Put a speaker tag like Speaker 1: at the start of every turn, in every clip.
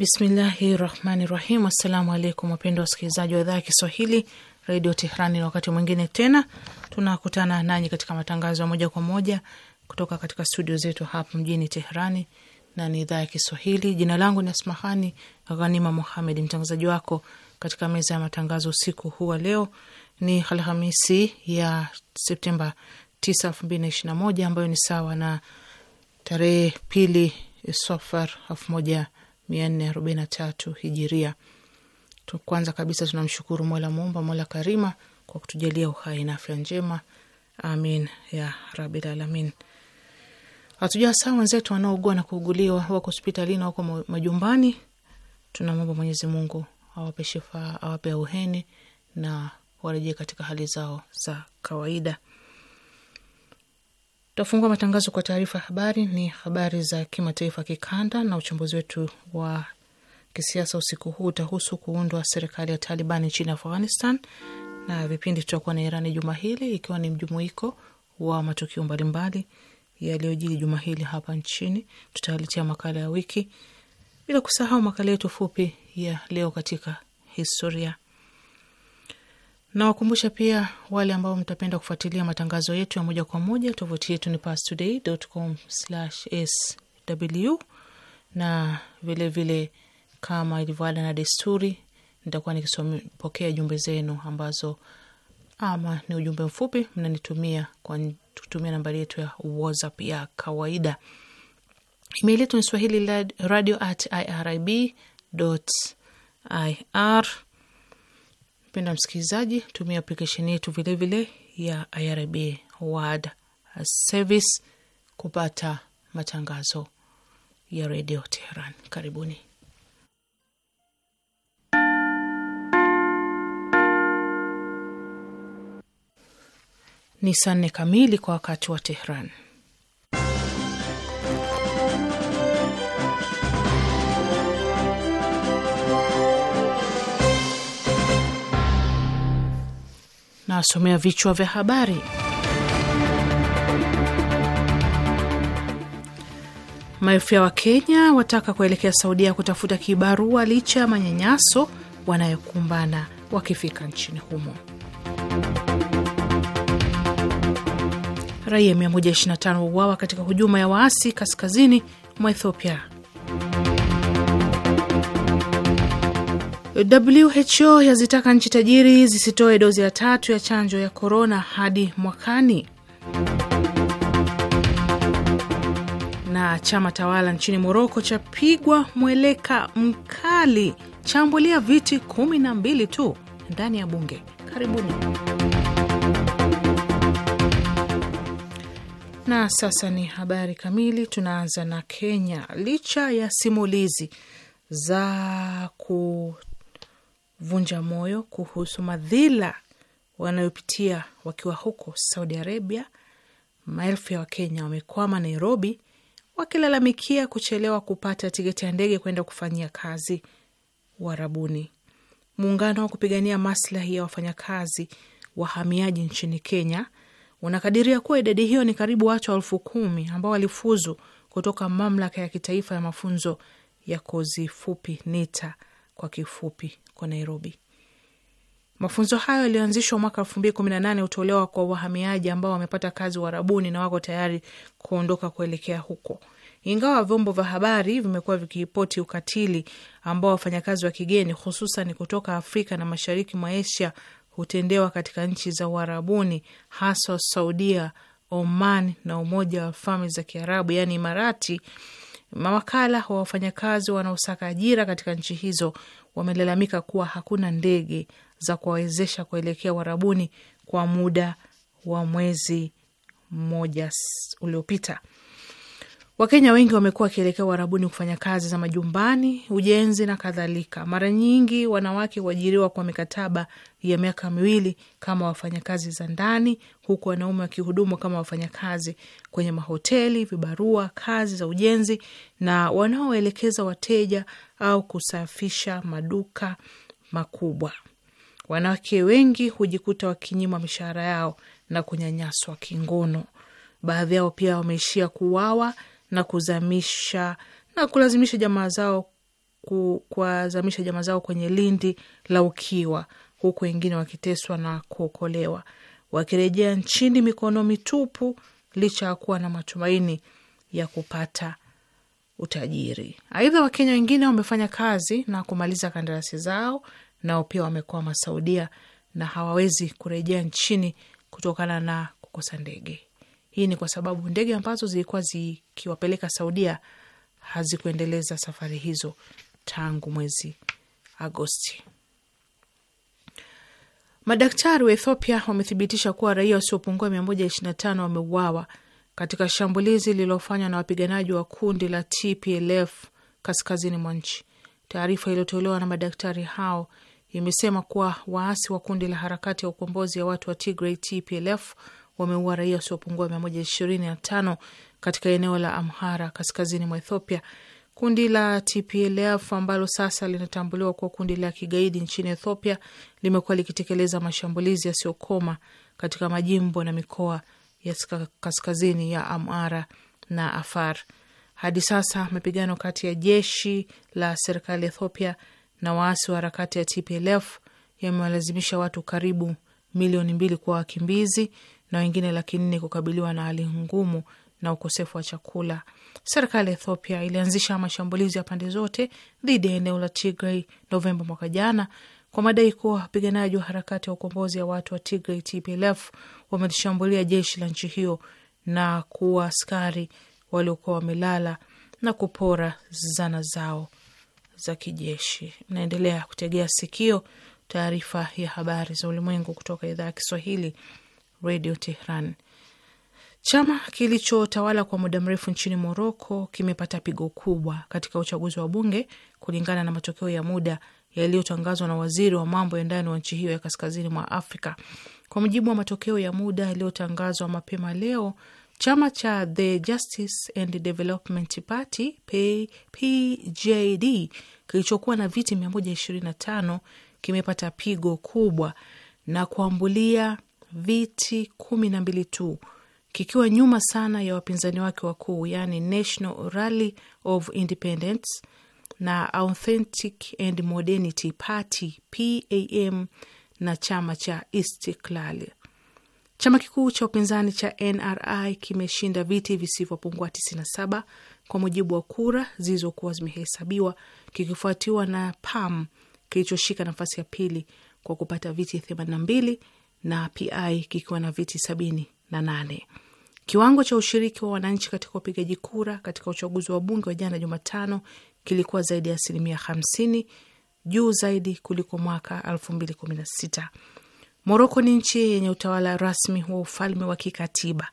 Speaker 1: Bismillahi rahmani rahim. Assalamu alaikum wapendwa wasikilizaji wa idhaa ya Kiswahili redio Tehrani, na wakati mwingine tena tunakutana nanyi katika matangazo ya moja kwa moja kutoka katika studio zetu hapa mjini Tehrani, na ni idhaa ya Kiswahili. Jina langu ni Asmahani Ghanima Muhamed, mtangazaji wako katika meza ya matangazo. Usiku huu wa leo ni Alhamisi ya Septemba 9, 2021 ambayo ni sawa na tarehe pili Safar elfu moja mia nne arobaini na tatu hijiria. Kwanza kabisa tunamshukuru Mola Muumba, Mola Karima kwa kutujalia uhai na afya njema, amin ya rabil alamin. Hatuja saa wenzetu wanaougua na kuuguliwa, wako hospitalini, wako majumbani. Tunamwomba Mwenyezi Mungu awape shifaa, awape auheni na warejee katika hali zao za kawaida. Tutafungua matangazo kwa taarifa ya habari, ni habari za kimataifa, kikanda na uchambuzi wetu wa kisiasa usiku huu utahusu kuundwa serikali ya Taliban nchini Afghanistan, na vipindi tutakuwa na Irani juma hili, ikiwa ni mjumuiko wa matukio mbalimbali yaliyojiri juma hili hapa nchini. Tutawaletea makala ya wiki, bila kusahau makala yetu fupi ya leo katika historia. Nawakumbusha pia wale ambao mtapenda kufuatilia matangazo yetu ya moja kwa moja, tovuti yetu ni pastoday.com/sw, na vilevile vile kama ilivyoada na desturi, nitakuwa nikipokea jumbe zenu ambazo ama ni ujumbe mfupi mnanitumia kwa kutumia nambari yetu ya WhatsApp ya kawaida. Email yetu ni swahili radio at irib ir Mpenda msikilizaji, tumia aplikesheni yetu vilevile ya IRIB World Service kupata matangazo ya redio Teheran. Karibuni. Ni saa nne kamili kwa wakati wa teheran na wasomea vichwa vya habari. Maelfu ya Wakenya wataka kuelekea Saudia kutafuta kibarua licha ya manyanyaso wanayokumbana wakifika nchini humo. Raia 125 wauawa katika hujuma ya waasi kaskazini mwa Ethiopia WHO yazitaka nchi tajiri zisitoe dozi ya tatu ya chanjo ya korona hadi mwakani. Na chama tawala nchini Moroko chapigwa mweleka mkali, chambulia viti 12 tu ndani ya bunge. Karibuni. Na sasa ni habari kamili. Tunaanza na Kenya. Licha ya simulizi za ku vunja moyo kuhusu madhila wanayopitia wakiwa huko Saudi Arabia. Maelfu ya Wakenya wamekwama Nairobi wakilalamikia kuchelewa kupata tiketi ya ndege kwenda kufanyia kazi Uarabuni. Muungano wa kupigania maslahi ya wafanyakazi wahamiaji nchini Kenya unakadiria kuwa idadi hiyo ni karibu watu elfu kumi ambao walifuzu kutoka mamlaka ya kitaifa ya mafunzo ya kozi fupi NITA kwa kifupi huko Nairobi. Mafunzo hayo yaliyoanzishwa mwaka elfu mbili kumi na nane hutolewa kwa wahamiaji ambao wamepata kazi Uarabuni na wako tayari kuondoka kuelekea huko, ingawa vyombo vya habari vimekuwa vikiripoti ukatili ambao wafanyakazi wa kigeni hususan kutoka Afrika na mashariki mwa Asia hutendewa katika nchi za Uarabuni, haswa Saudia, Oman na Umoja wa Falme za Kiarabu, yaani Imarati. Mawakala wa wafanyakazi wanaosaka ajira katika nchi hizo wamelalamika kuwa hakuna ndege za kuwawezesha kuelekea warabuni kwa muda wa mwezi mmoja uliopita. Wakenya wengi wamekuwa wakielekea uharabuni kufanya kazi za majumbani, ujenzi na kadhalika. Mara nyingi wanawake huajiriwa kwa mikataba ya miaka miwili kama wafanyakazi za ndani, huku wanaume wakihudumu kama wafanyakazi kwenye mahoteli, vibarua, kazi za ujenzi na wanaoelekeza wateja au kusafisha maduka makubwa. Wanawake wengi hujikuta wakinyimwa mishahara yao na kunyanyaswa kingono. Baadhi yao pia wameishia kuuawa na kuzamisha na kulazimisha jamaa zao kuwazamisha jamaa zao kwenye lindi la ukiwa, huku wengine wakiteswa na kuokolewa, wakirejea nchini mikono mitupu, licha ya kuwa na matumaini ya kupata utajiri. Aidha, Wakenya wengine wamefanya kazi na kumaliza kandarasi zao, nao pia wamekwama Saudia na hawawezi kurejea nchini kutokana na kukosa ndege. Hii ni kwa sababu ndege ambazo zilikuwa zikiwapeleka Saudia hazikuendeleza safari hizo tangu mwezi Agosti. Madaktari wa Ethiopia wamethibitisha kuwa raia wasiopungua 125 wameuawa katika shambulizi lililofanywa na wapiganaji wa kundi la TPLF kaskazini mwa nchi. Taarifa iliyotolewa na madaktari hao imesema kuwa waasi wa kundi la harakati ya ukombozi ya watu wa Tigray TPLF wameua raia wasiopungua mia moja ishirini na tano katika eneo la Amhara kaskazini mwa Ethiopia. Kundi la TPLF ambalo sasa linatambuliwa kuwa kundi la kigaidi nchini Ethiopia limekuwa likitekeleza mashambulizi yasiyokoma katika majimbo na mikoa ya kaskazini ya Amhara na Afar. Hadi sasa mapigano kati ya jeshi la serikali Ethiopia na waasi wa harakati ya TPLF yamewalazimisha watu karibu milioni mbili kuwa wakimbizi na wengine laki nne kukabiliwa na hali ngumu na ukosefu wa chakula. Serikali ya Ethiopia ilianzisha mashambulizi ya pande zote dhidi ya eneo la Tigray Novemba mwaka jana kwa madai kuwa wapiganaji wa harakati ya ukombozi ya watu wa Tigray TPLF wamelishambulia jeshi la nchi hiyo na kuwa askari waliokuwa wamelala na kupora zana zao za kijeshi. Mnaendelea kutegea sikio taarifa ya habari za ulimwengu kutoka idhaa ya Kiswahili Radio Tehran. Chama kilichotawala kwa muda mrefu nchini Moroko kimepata pigo kubwa katika uchaguzi wa bunge kulingana na matokeo ya muda yaliyotangazwa na waziri wa mambo ya ndani wa nchi hiyo ya kaskazini mwa Afrika. Kwa mujibu wa matokeo ya muda yaliyotangazwa mapema leo, chama cha The Justice and Development Party PJD kilichokuwa na viti 125 kimepata pigo kubwa na kuambulia viti kumi na mbili tu kikiwa nyuma sana ya wapinzani wake wakuu, yani National Rally of Independence na Authentic and Modernity Party PAM na chama cha Istiklal. Chama kikuu cha upinzani cha NRI kimeshinda viti visivyopungua 97 kwa mujibu wa kura zilizokuwa zimehesabiwa, kikifuatiwa na PAM kilichoshika nafasi ya pili kwa kupata viti 82 na PI kikiwa na viti sabini na nane. Kiwango cha ushiriki wa wananchi katika upigaji kura katika uchaguzi wa bunge wa jana Jumatano kilikuwa zaidi ya asilimia hamsini, juu zaidi kuliko mwaka elfu mbili kumi na sita. Moroko ni nchi yenye utawala rasmi wa ufalme wa kikatiba,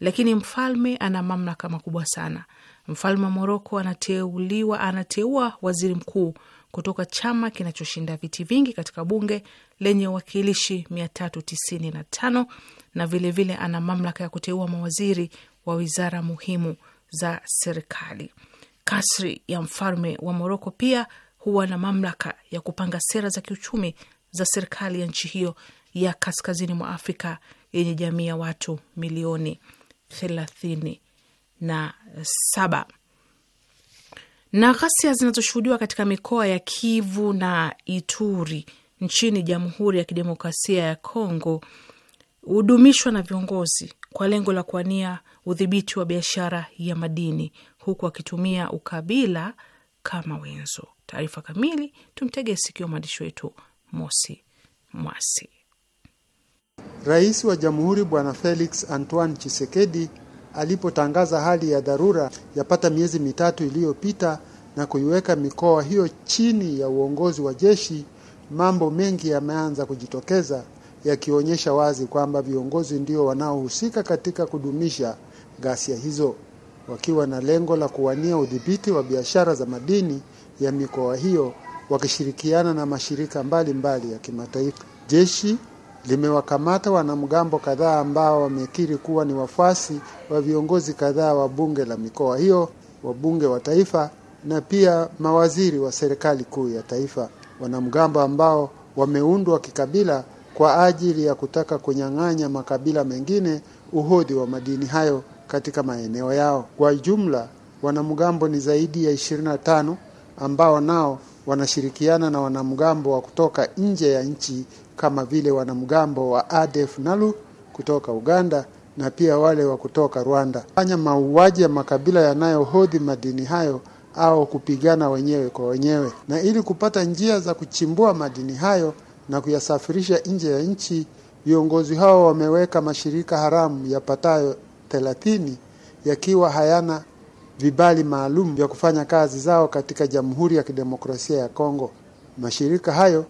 Speaker 1: lakini mfalme ana mamlaka makubwa sana. Mfalme wa Moroko anateuliwa, anateua waziri mkuu kutoka chama kinachoshinda viti vingi katika bunge lenye uwakilishi 395 na vilevile vile ana mamlaka ya kuteua mawaziri wa wizara muhimu za serikali. Kasri ya mfalme wa Moroko pia huwa na mamlaka ya kupanga sera za kiuchumi za serikali ya nchi hiyo ya kaskazini mwa Afrika yenye jamii ya watu milioni thelathini na saba na ghasia zinazoshuhudiwa katika mikoa ya Kivu na Ituri nchini Jamhuri ya Kidemokrasia ya Kongo hudumishwa na viongozi kwa lengo la kuania udhibiti wa biashara ya madini huku akitumia ukabila kama wenzo. Taarifa kamili tumtege sikio mwandishi wetu Mosi Mwasi.
Speaker 2: Rais wa Jamhuri Bwana Felix Antoine Chisekedi alipotangaza hali ya dharura yapata miezi mitatu iliyopita na kuiweka mikoa hiyo chini ya uongozi wa jeshi, mambo mengi yameanza kujitokeza yakionyesha wazi kwamba viongozi ndio wanaohusika katika kudumisha ghasia hizo wakiwa na lengo la kuwania udhibiti wa biashara za madini ya mikoa hiyo wakishirikiana na mashirika mbalimbali mbali ya kimataifa. Jeshi limewakamata wanamgambo kadhaa ambao wamekiri kuwa ni wafuasi wa viongozi kadhaa wa bunge la mikoa hiyo, wabunge wa taifa na pia mawaziri wa serikali kuu ya taifa, wanamgambo ambao wameundwa kikabila kwa ajili ya kutaka kunyang'anya makabila mengine uhodhi wa madini hayo katika maeneo yao. Kwa jumla wanamgambo ni zaidi ya 25 ambao nao wanashirikiana na wanamgambo wa kutoka nje ya nchi kama vile wanamgambo wa ADF Nalu kutoka Uganda na pia wale wa kutoka Rwanda fanya mauaji ya makabila yanayohodhi madini hayo au kupigana wenyewe kwa wenyewe, na ili kupata njia za kuchimbua madini hayo na kuyasafirisha nje ya nchi, viongozi hao wameweka mashirika haramu yapatayo thelathini yakiwa hayana vibali maalum vya kufanya kazi zao katika Jamhuri ya Kidemokrasia ya Kongo. Mashirika hayo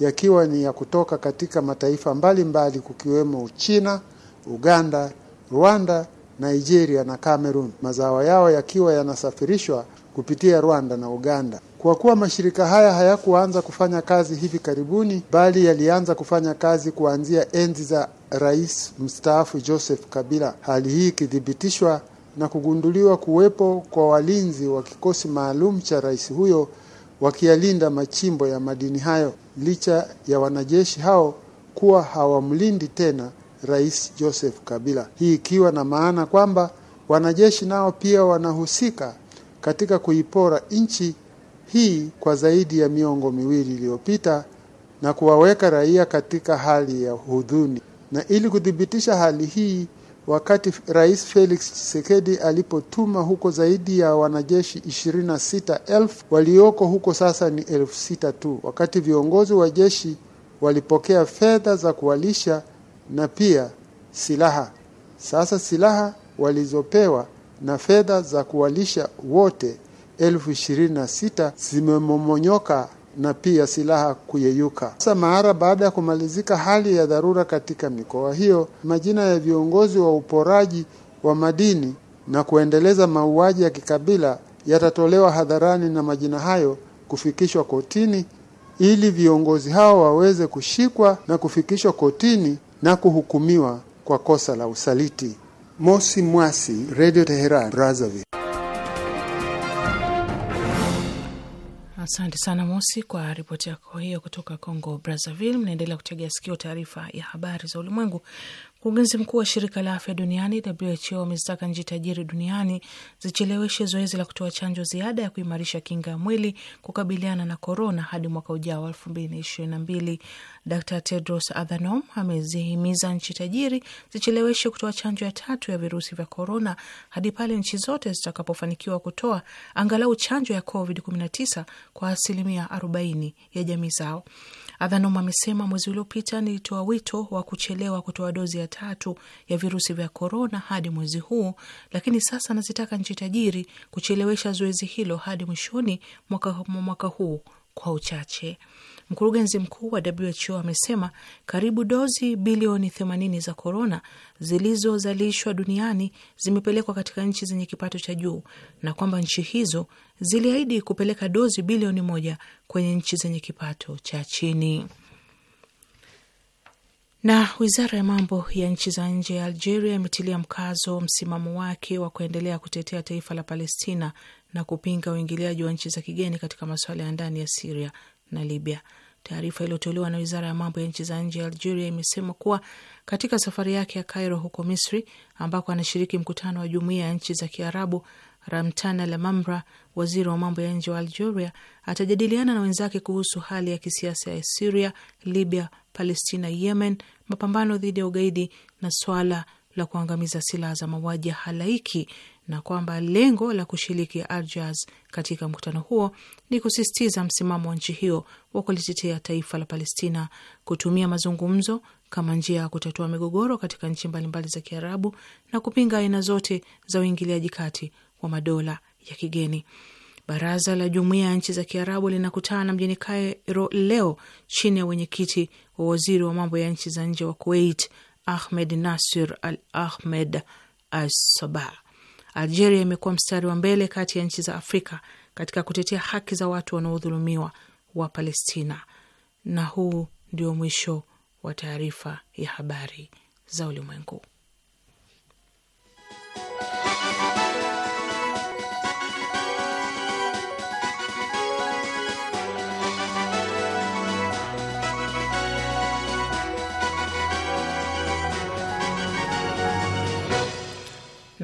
Speaker 2: yakiwa ni ya kutoka katika mataifa mbalimbali mbali kukiwemo china Uganda, Rwanda, Nigeria na Cameroon. Mazao yao yakiwa yanasafirishwa kupitia Rwanda na Uganda. Kwa kuwa mashirika haya hayakuanza kufanya kazi hivi karibuni, bali yalianza kufanya kazi kuanzia enzi za Rais mstaafu Joseph Kabila. Hali hii ikithibitishwa na kugunduliwa kuwepo kwa walinzi wa kikosi maalum cha rais huyo wakiyalinda machimbo ya madini hayo licha ya wanajeshi hao kuwa hawamlindi tena Rais Joseph Kabila. Hii ikiwa na maana kwamba wanajeshi nao pia wanahusika katika kuipora nchi hii kwa zaidi ya miongo miwili iliyopita na kuwaweka raia katika hali ya hudhuni. Na ili kuthibitisha hali hii wakati Rais Felix Tshisekedi alipotuma huko zaidi ya wanajeshi 26,000 walioko huko sasa ni 6,000 tu, wakati viongozi wa jeshi walipokea fedha za kuwalisha na pia silaha. Sasa silaha walizopewa na fedha za kuwalisha wote elfu zimemomonyoka na pia silaha kuyeyuka. Sasa mara baada ya kumalizika hali ya dharura katika mikoa hiyo, majina ya viongozi wa uporaji wa madini na kuendeleza mauaji ya kikabila yatatolewa hadharani na majina hayo kufikishwa kotini ili viongozi hao waweze kushikwa na kufikishwa kotini na kuhukumiwa kwa kosa la usaliti. Mosi Mwasi, Radio Teheran, Brazzaville.
Speaker 1: Asante sana Mosi kwa ripoti yako hiyo kutoka Congo Brazzaville. Mnaendelea kutegea sikio taarifa ya habari za ulimwengu Mkurugenzi mkuu wa shirika la afya duniani WHO amezitaka nchi tajiri duniani zicheleweshe zoezi la kutoa chanjo ziada ya kuimarisha kinga ya mwili kukabiliana na korona hadi mwaka ujao wa elfu mbili na ishirini na mbili. Dr Tedros Adhanom amezihimiza nchi tajiri zicheleweshe kutoa chanjo ya tatu ya virusi vya korona hadi pale nchi zote zitakapofanikiwa kutoa angalau chanjo ya COVID 19 kwa asilimia 40 ya jamii zao. Adhanom amesema mwezi uliopita nilitoa wito wa kuchelewa kutoa dozi ya tatu ya virusi vya korona hadi mwezi huu, lakini sasa nazitaka nchi tajiri kuchelewesha zoezi hilo hadi mwishoni mwaka, mwaka huu kwa uchache. Mkurugenzi mkuu wa WHO amesema karibu dozi bilioni 80 za korona zilizozalishwa duniani zimepelekwa katika nchi zenye kipato cha juu na kwamba nchi hizo ziliahidi kupeleka dozi bilioni moja kwenye nchi zenye kipato cha chini. Na wizara ya mambo ya nchi za nje ya Algeria imetilia mkazo msimamo wake wa kuendelea kutetea taifa la Palestina na kupinga uingiliaji wa nchi za kigeni katika masuala ya ndani ya Siria na Libya. Taarifa iliyotolewa na wizara ya mambo ya nchi za nje ya Algeria imesema kuwa katika safari yake ya Cairo huko Misri, ambako anashiriki mkutano wa jumuiya ya nchi za Kiarabu, Ramtana Lamamra, waziri wa mambo ya nje wa Algeria, atajadiliana na wenzake kuhusu hali ya kisiasa ya Siria, Libya, Palestina, Yemen, mapambano dhidi ya ugaidi na swala la kuangamiza silaha za mauaji ya halaiki na kwamba lengo la kushiriki Arjaz katika mkutano huo ni kusisitiza msimamo wa nchi hiyo wa kulitetea taifa la Palestina, kutumia mazungumzo kama njia ya kutatua migogoro katika nchi mbalimbali za Kiarabu na kupinga aina zote za uingiliaji kati wa madola ya kigeni. Baraza la Jumuiya ya Nchi za Kiarabu linakutana mjini Kairo leo chini ya wenyekiti wa waziri wa mambo ya nchi za nje wa Kuwait, Ahmed Nasir Al Ahmed Asaba. Algeria imekuwa mstari wa mbele kati ya nchi za Afrika katika kutetea haki za watu wanaodhulumiwa wa Palestina. Na huu ndio mwisho wa taarifa ya habari za ulimwengu.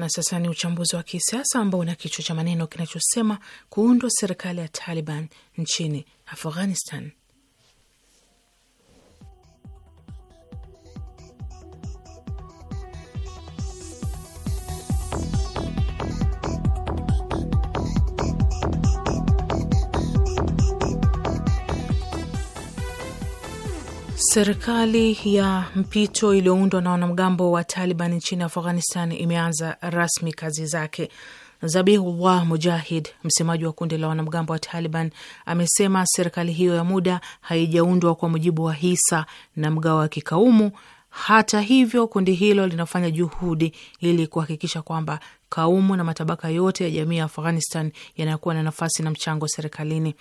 Speaker 1: Na sasa ni uchambuzi wa kisiasa ambao una kichwa cha maneno kinachosema kuundwa serikali ya Taliban nchini Afghanistan. Serikali ya mpito iliyoundwa na wanamgambo wa Taliban nchini Afghanistan imeanza rasmi kazi zake. Zabihullah Mujahid, msemaji wa kundi la wanamgambo wa Taliban, amesema serikali hiyo ya muda haijaundwa kwa mujibu wa hisa na mgao wa kikaumu. Hata hivyo, kundi hilo linafanya juhudi ili kuhakikisha kwamba kaumu na matabaka yote ya jamii ya Afghanistan yanayokuwa na nafasi na mchango serikalini.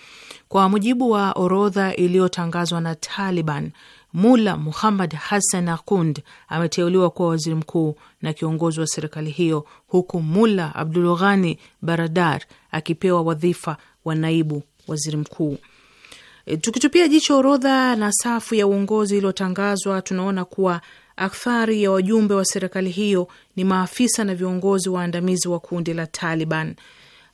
Speaker 1: Kwa mujibu wa orodha iliyotangazwa na Taliban, Mula Muhammad Hassan Akund ameteuliwa kuwa waziri mkuu na kiongozi wa serikali hiyo, huku Mula Abdul Ghani Baradar akipewa wadhifa wa naibu waziri mkuu. E, tukitupia jicho orodha na safu ya uongozi iliyotangazwa, tunaona kuwa akthari ya wajumbe wa serikali hiyo ni maafisa na viongozi waandamizi wa kundi la Taliban.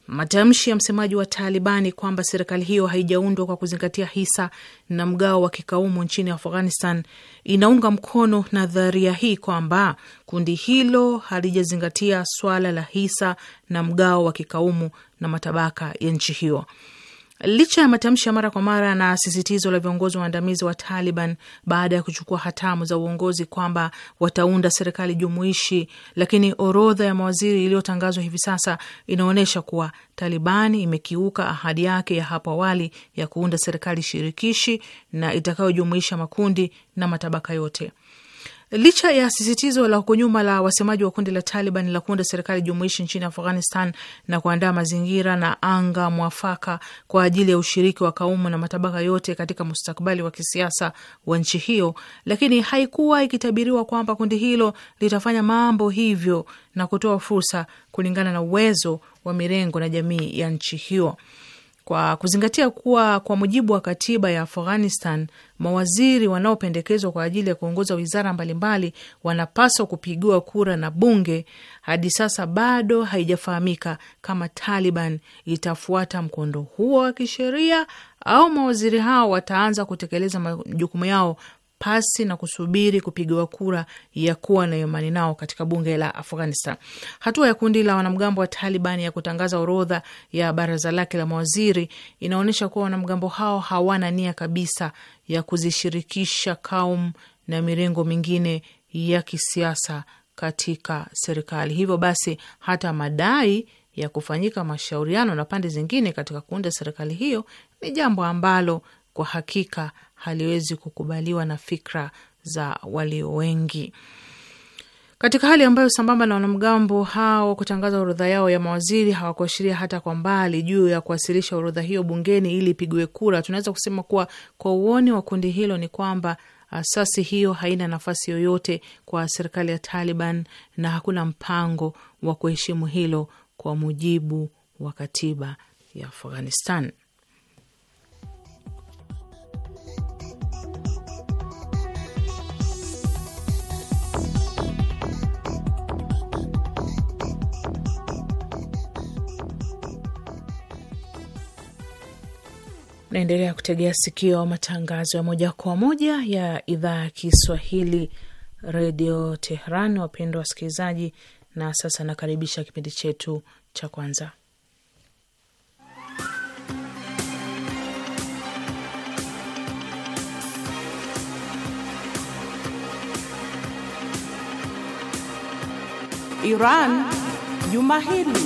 Speaker 1: Matamshi ya msemaji wa Talibani kwamba serikali hiyo haijaundwa kwa kuzingatia hisa na mgao wa kikaumu nchini Afghanistan inaunga mkono nadharia hii kwamba kundi hilo halijazingatia swala la hisa na mgao wa kikaumu na matabaka ya nchi hiyo. Licha ya matamshi ya mara kwa mara na sisitizo la viongozi waandamizi wa Taliban baada ya kuchukua hatamu za uongozi kwamba wataunda serikali jumuishi, lakini orodha ya mawaziri iliyotangazwa hivi sasa inaonyesha kuwa Taliban imekiuka ahadi yake ya hapo awali ya kuunda serikali shirikishi na itakayojumuisha makundi na matabaka yote. Licha ya sisitizo la huko nyuma la wasemaji wa kundi la Taliban la kuunda serikali jumuishi nchini Afghanistan na kuandaa mazingira na anga mwafaka kwa ajili ya ushiriki wa kaumu na matabaka yote katika mustakbali wa kisiasa wa nchi hiyo, lakini haikuwa ikitabiriwa kwamba kundi hilo litafanya mambo hivyo na kutoa fursa kulingana na uwezo wa mirengo na jamii ya nchi hiyo kwa kuzingatia kuwa kwa mujibu wa katiba ya Afghanistan, mawaziri wanaopendekezwa kwa ajili ya kuongoza wizara mbalimbali wanapaswa kupigiwa kura na bunge, hadi sasa bado haijafahamika kama Taliban itafuata mkondo huo wa kisheria au mawaziri hao wataanza kutekeleza majukumu yao pasi na kusubiri kupigiwa kura ya kuwa na imani nao katika bunge la Afghanistan. Hatua ya kundi la wanamgambo wa Taliban ya kutangaza orodha ya baraza lake la mawaziri inaonyesha kuwa wanamgambo hao hawana nia kabisa ya kuzishirikisha kaum na mirengo mingine ya kisiasa katika serikali. Hivyo basi hata madai ya kufanyika mashauriano na pande zingine katika kuunda serikali hiyo ni jambo ambalo kwa hakika haliwezi kukubaliwa na fikra za walio wengi. Katika hali ambayo sambamba na wanamgambo hao kutangaza orodha yao ya mawaziri hawakuashiria hata kwa mbali juu ya kuwasilisha orodha hiyo bungeni ili ipigiwe kura, tunaweza kusema kuwa kwa uoni wa kundi hilo ni kwamba uh, asasi hiyo haina nafasi yoyote kwa serikali ya Taliban na hakuna mpango wa kuheshimu hilo kwa mujibu wa katiba ya Afghanistan. Naendelea kutegea sikio matangazo ya moja kwa moja ya idhaa ya Kiswahili redio Tehran. Wapendwa wasikilizaji, na sasa nakaribisha kipindi chetu cha kwanza Iran juma hili.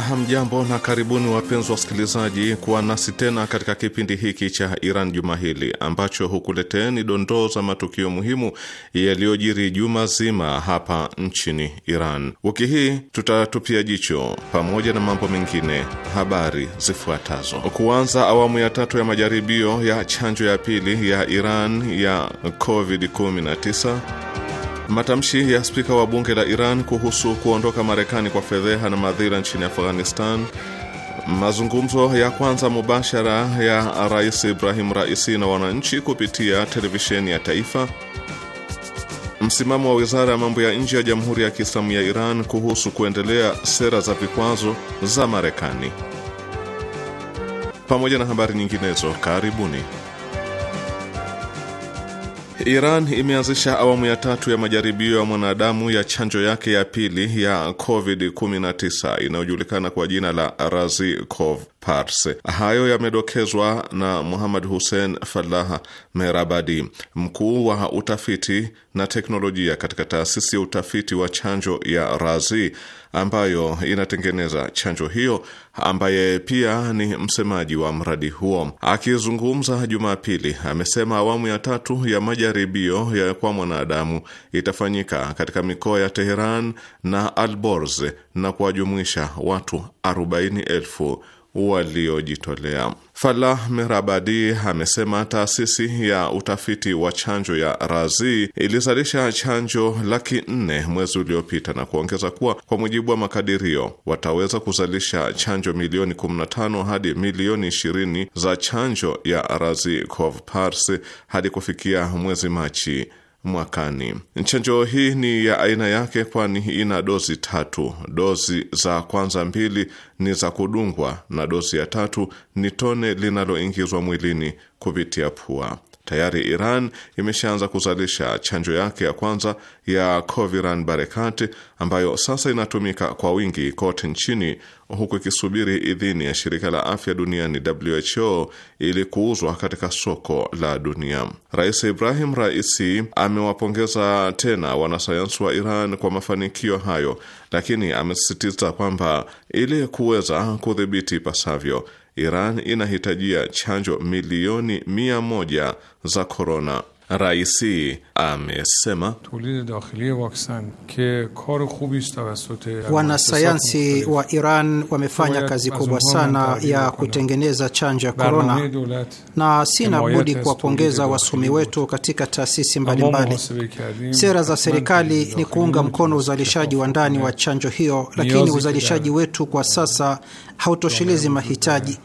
Speaker 3: Hamjambo na karibuni wapenzi wa wasikilizaji, kuwa nasi tena katika kipindi hiki cha Iran juma hili ambacho hukuleteeni dondoo za matukio muhimu yaliyojiri juma zima hapa nchini Iran. Wiki hii tutatupia jicho, pamoja na mambo mengine, habari zifuatazo: kuanza awamu ya tatu ya majaribio ya chanjo ya pili ya Iran ya COVID-19 Matamshi ya spika wa bunge la Iran kuhusu kuondoka Marekani kwa fedheha na madhira nchini Afghanistan, mazungumzo ya kwanza mubashara ya Rais Ibrahim Raisi na wananchi kupitia televisheni ya taifa, msimamo wa wizara ya mambo ya nje ya Jamhuri ya Kiislamu ya Iran kuhusu kuendelea sera za vikwazo za Marekani, pamoja na habari nyinginezo. Karibuni. Iran imeanzisha awamu ya tatu ya majaribio ya mwanadamu ya chanjo yake ya pili ya COVID-19 inayojulikana kwa jina la Razicov Pars. Hayo yamedokezwa na Muhammad Hussein Falah Merabadi, mkuu wa utafiti na teknolojia katika taasisi ya utafiti wa chanjo ya Razi ambayo inatengeneza chanjo hiyo, ambaye pia ni msemaji wa mradi huo. Akizungumza Jumapili, amesema awamu ya tatu ya majaribio ya kwa mwanadamu itafanyika katika mikoa ya Teheran na Alborz na kuwajumuisha watu elfu waliojitolea. Falah Mirabadi amesema taasisi ya utafiti wa chanjo ya Razi ilizalisha chanjo laki nne mwezi uliopita na kuongeza kuwa kwa mujibu wa makadirio wataweza kuzalisha chanjo milioni 15 hadi milioni 20 za chanjo ya Razi Covpars hadi kufikia mwezi Machi mwakani. Chanjo hii ni ya aina yake, kwani ina dozi tatu. Dozi za kwanza mbili ni za kudungwa na dozi ya tatu ni tone linaloingizwa mwilini kupitia pua. Tayari Iran imeshaanza kuzalisha chanjo yake ya kwanza ya Coviran barekat ambayo sasa inatumika kwa wingi kote nchini huku ikisubiri idhini ya shirika la afya duniani WHO ili kuuzwa katika soko la dunia. Rais Ibrahim Raisi amewapongeza tena wanasayansi wa Iran kwa mafanikio hayo, lakini amesisitiza kwamba ili kuweza kudhibiti ipasavyo Iran inahitajia chanjo milioni mia moja za korona. Raisi amesema
Speaker 2: wanasayansi
Speaker 4: wa Iran wamefanya kazi kubwa sana ya kutengeneza chanjo ya korona, na sina budi kuwapongeza wasomi wetu katika taasisi mbalimbali. Sera za serikali ni kuunga mkono uzalishaji wa ndani wa chanjo hiyo, lakini uzalishaji wetu kwa sasa hautoshelezi mahitaji.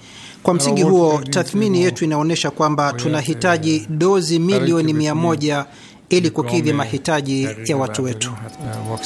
Speaker 4: Kwa msingi huo, tathmini yetu inaonyesha kwamba tunahitaji uh, dozi milioni mia moja ili kukidhi mahitaji ya watu wetu. Uh,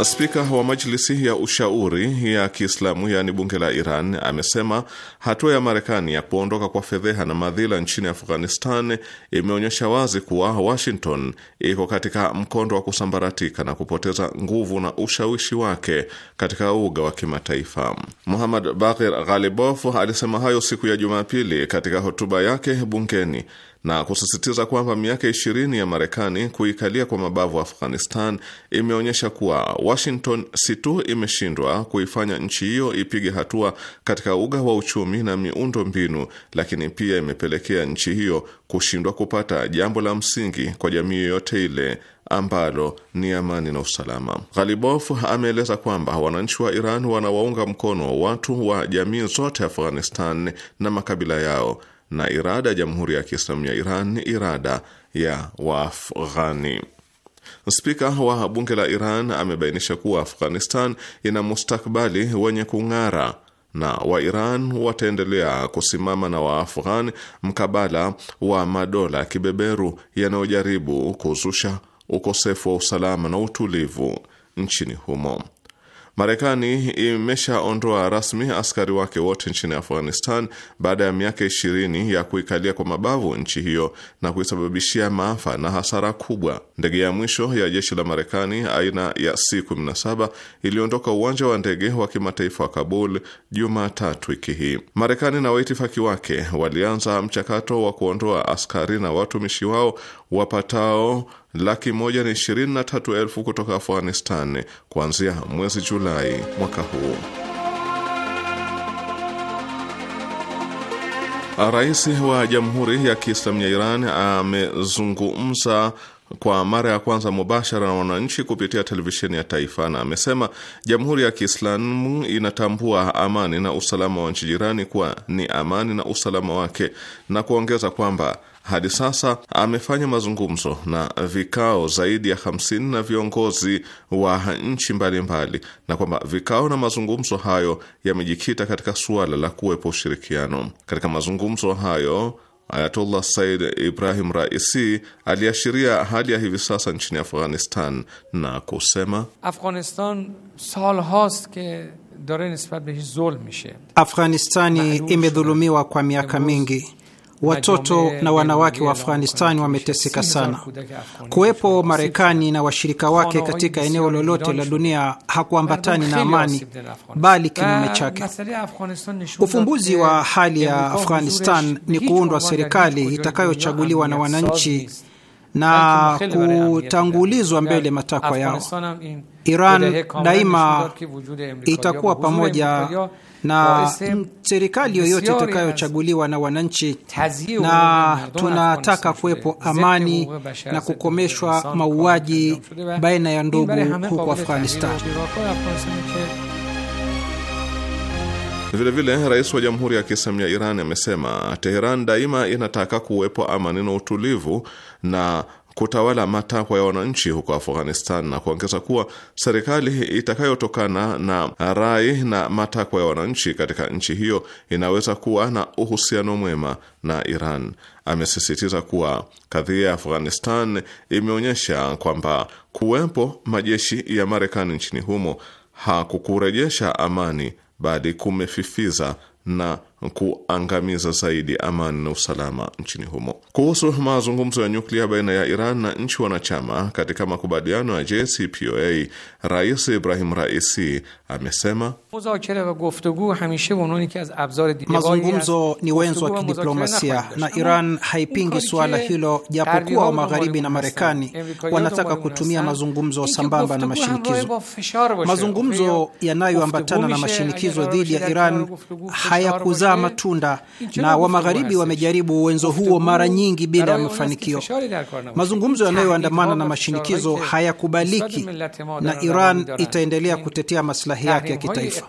Speaker 3: Spika wa Majlisi ya Ushauri ya Kiislamu yaani bunge la Iran amesema hatua ya Marekani ya kuondoka kwa fedheha na madhila nchini Afghanistan imeonyesha wazi kuwa Washington iko katika mkondo wa kusambaratika na kupoteza nguvu na ushawishi wake katika uga wa kimataifa. Muhammad Baqir ghalibof alisema hayo siku ya Jumapili katika hotuba yake bungeni na kusisitiza kwamba miaka ishirini ya Marekani kuikalia kwa mabavu Afghanistan imeonyesha kuwa Washington si tu imeshindwa kuifanya nchi hiyo ipige hatua katika uga wa uchumi na miundo mbinu, lakini pia imepelekea nchi hiyo kushindwa kupata jambo la msingi kwa jamii yoyote ile ambalo ni amani na usalama. Ghalibof ameeleza kwamba wananchi wa Iran wanawaunga mkono watu wa jamii zote Afghanistan na makabila yao na irada ya Jamhuri ya Kiislamu ya Iran ni irada ya Waafghani. Spika wa bunge la Iran amebainisha kuwa Afghanistan ina mustakbali wenye kung'ara na Wairan wataendelea kusimama na Waafghan mkabala wa madola kibeberu yanayojaribu kuzusha ukosefu wa usalama na utulivu nchini humo. Marekani imeshaondoa rasmi askari wake wote nchini Afghanistan baada ya miaka ishirini ya kuikalia kwa mabavu nchi hiyo na kuisababishia maafa na hasara kubwa. Ndege ya mwisho ya jeshi la Marekani aina ya C-17 iliondoka uwanja wa ndege wa kimataifa wa Kabul Jumatatu wiki hii. Marekani na waitifaki wake walianza mchakato wa kuondoa askari na watumishi wao wapatao laki moja na ishirini na tatu elfu kutoka Afghanistan kuanzia mwezi Julai mwaka huu. Rais wa Jamhuri ya Kiislamu ya Iran amezungumza kwa mara ya kwanza mubashara na wananchi kupitia televisheni ya taifa, na amesema Jamhuri ya Kiislamu inatambua amani na usalama wa nchi jirani kuwa ni amani na usalama wake, na kuongeza kwamba hadi sasa amefanya mazungumzo na vikao zaidi ya hamsini na viongozi wa nchi mbalimbali, na kwamba vikao na mazungumzo hayo yamejikita katika suala la kuwepo ushirikiano. Katika mazungumzo hayo Ayatollah Said Ibrahim Raisi aliashiria hali ya hivi sasa nchini Afghanistan na kusema,
Speaker 5: Afghanistan salhast ke dare nisbat behi zulm mishe,
Speaker 3: Afghanistani
Speaker 4: imedhulumiwa kwa miaka mingi Watoto na wanawake wa Afghanistani wameteseka sana. Kuwepo Marekani na washirika wake katika eneo lolote la dunia hakuambatani na amani, bali kinyume chake.
Speaker 5: Ufumbuzi wa hali ya Afghanistan ni kuundwa serikali itakayochaguliwa na wananchi na kutangulizwa mbele matakwa yao.
Speaker 4: Iran daima itakuwa pamoja na serikali yoyote itakayochaguliwa na wananchi, na tunataka kuwepo amani na kukomeshwa mauaji baina ya ndugu huko Afghanistan.
Speaker 3: Vilevile vile, rais wa Jamhuri ya Kiislamu ya Iran amesema Teheran daima inataka kuwepo amani na utulivu na kutawala matakwa ya wananchi huko Afghanistan na kuongeza kuwa serikali itakayotokana na rai na matakwa ya wananchi katika nchi hiyo inaweza kuwa na uhusiano mwema na Iran. Amesisitiza kuwa kadhia ya Afghanistan imeonyesha kwamba kuwepo majeshi ya Marekani nchini humo hakukurejesha amani, bali kumefifiza na kuangamiza zaidi amani na usalama nchini humo. Kuhusu mazungumzo ya nyuklia baina ya Iran na nchi wanachama katika makubaliano ya JCPOA, Rais Ibrahim Raisi amesema
Speaker 4: mazungumzo ni wenzo wa kidiplomasia na Iran haipingi suala hilo, japokuwa wa Magharibi na Marekani wanataka kutumia mazungumzo sambamba na mashinikizo. Mazungumzo yanayoambatana na mashinikizo dhidi ya Iran hayakuza kuzaa matunda na wa Magharibi wamejaribu uwenzo huo mara nyingi bila ya mafanikio.
Speaker 5: Mazungumzo yanayoandamana na mashinikizo hayakubaliki, na Iran itaendelea
Speaker 4: kutetea maslahi yake ya kitaifa.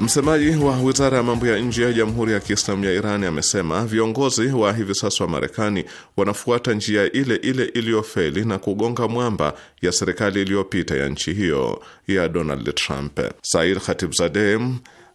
Speaker 3: Msemaji wa wizara ya mambo ya nje ya Jamhuri ya Kiislamu ya Iran amesema viongozi wa hivi sasa wa Marekani wanafuata njia ile ile iliyofeli na kugonga mwamba ya serikali iliyopita ya nchi hiyo ya Donald Trump. Said Khatibzadeh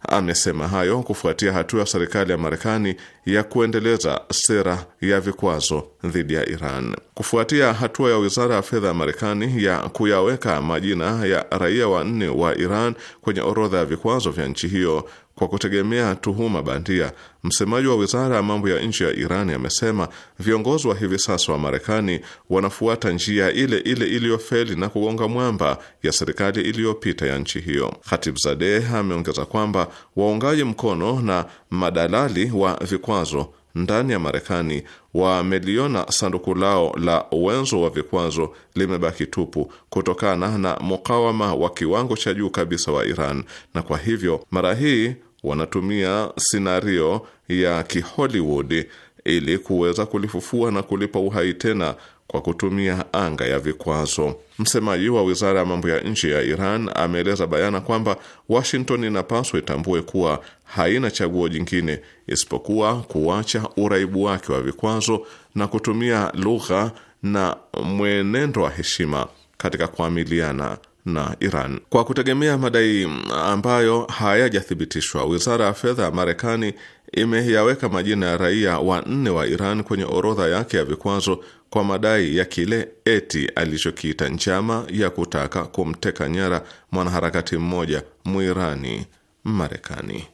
Speaker 3: Amesema hayo kufuatia hatua ya serikali ya Marekani ya kuendeleza sera ya vikwazo dhidi ya Iran, kufuatia hatua ya wizara ya fedha ya Marekani ya kuyaweka majina ya raia wanne wa Iran kwenye orodha ya vikwazo vya nchi hiyo kwa kutegemea tuhuma bandia. Msemaji wa wizara ya mambo ya nje ya Iran amesema viongozi wa hivi sasa wa Marekani wanafuata njia ile ile iliyofeli na kugonga mwamba ya serikali iliyopita ya nchi hiyo. Khatibzadeh ameongeza kwamba waungaji mkono na madalali wa vikwazo ndani ya Marekani wameliona sanduku lao la uwenzo wa vikwazo limebaki tupu kutokana na mukawama wa kiwango cha juu kabisa wa Iran, na kwa hivyo mara hii wanatumia sinario ya kihollywood ili kuweza kulifufua na kulipa uhai tena kwa kutumia anga ya vikwazo. Msemaji wa wizara ya mambo ya nje ya Iran ameeleza bayana kwamba Washington inapaswa itambue kuwa haina chaguo jingine isipokuwa kuacha uraibu wake wa vikwazo na kutumia lugha na mwenendo wa heshima katika kuamiliana na Iran. Kwa kutegemea madai ambayo hayajathibitishwa, wizara ya fedha ya Marekani imeyaweka majina ya raia wanne wa Iran kwenye orodha yake ya vikwazo kwa madai ya kile eti alichokiita njama ya kutaka kumteka nyara mwanaharakati mmoja Mwirani Marekani.